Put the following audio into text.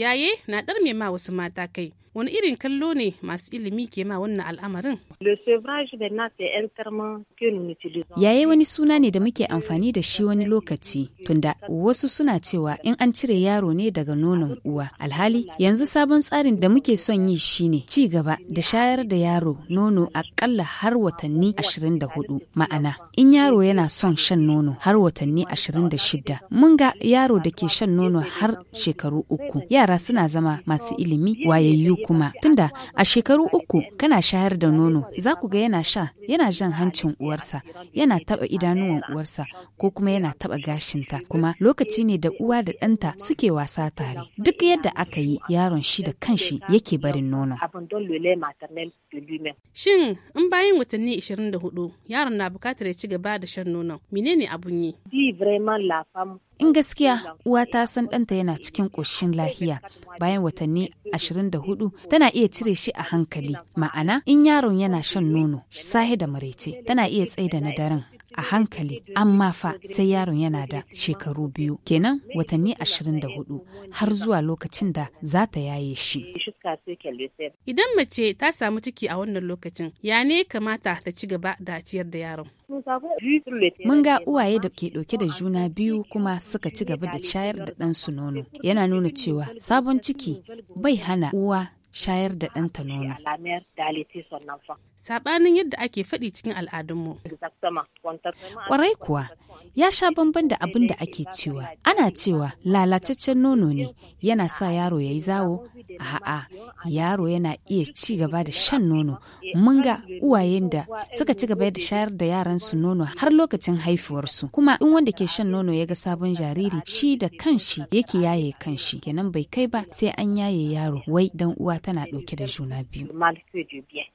yaye na ɗarme ma wasu mata kai wani irin kallo ne masu ilimi ke ma wannan al'amarin yayi wani suna ne da muke amfani da shi wani lokaci tunda wasu suna cewa in an cire yaro ne daga nonon uwa alhali yanzu sabon tsarin da muke son yi shine ci gaba da shayar da yaro nono akalla har watanni 24 ma'ana in yaro yana son shan nono har watanni 26 mun ga yaro da ke shan nono har shekaru uku yara suna zama masu ilimi wayayyu kuma tunda a shekaru uku kana shayar da nono za ku ga yana sha yana jan hancin uwarsa yana taba idanuwan uwarsa ko kuma yana taba gashinta kuma lokaci ne da uwa da ɗanta suke wasa tare duk yadda aka yi yaron shi da kanshi yake barin nono shin in bayan watanni 24 yaron na bukatar ya ci gaba da shan nono menene abun yi in gaskiya uwa ta san ɗanta yana cikin ƙoshin lahiya bayan watanni 24 tana iya cire shi a hankali ma'ana in yaron yana shan nono sahi da maraice tana iya tsaida na daren a hankali amma fa sai yaron yana da shekaru biyu kenan watanni ashirin da hudu har zuwa lokacin da za ta yaye shi. Idan mace ta samu ciki a wannan lokacin ya ne kamata ta ci gaba da ciyar da yaron. Mun ga uwaye da ke ɗauke da juna biyu kuma suka ci gaba da shayar da ɗansu nono. Yana nuna cewa sabon ciki bai hana uwa shayar da ɗanta nono. sabanin yadda ake faɗi cikin al'adunmu. Kwarai kuwa ya sha bamban da abin da ake cewa ana cewa lalataccen nono ne yana sa yaro ya yi zawo a'a yaro yana iya ci gaba da shan nono mun ga uwayen da suka ci gaba da shayar da yaransu nono har lokacin haifuwarsu kuma in wanda ke shan nono ya ga sabon jariri shi da kanshi yake yaye kanshi kenan bai kai ba sai an yaye yaro wai dan uwa tana ɗauke da juna biyu.